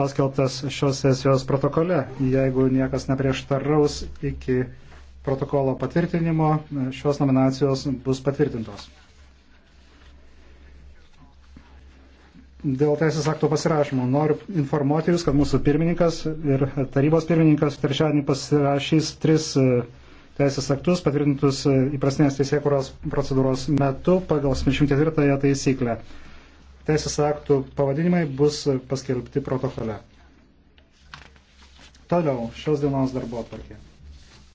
paskelbtas šios sesijos protokole. Jeigu niekas neprieštaraus iki protokolo patvirtinimo, šios nominacijos bus patvirtintos. Dėl teisės akto pasirašymo noriu informuoti Jūs, kad mūsų pirmininkas ir tarybos pirmininkas trečiadienį pasirašys tris e, teisės aktus patvirtintus e, įprastinės teisėkuros procedūros metu pagal 74 taisyklę teisės aktų pavadinimai bus paskelbti protokole. Toliau šios dienos darbo atvarkė.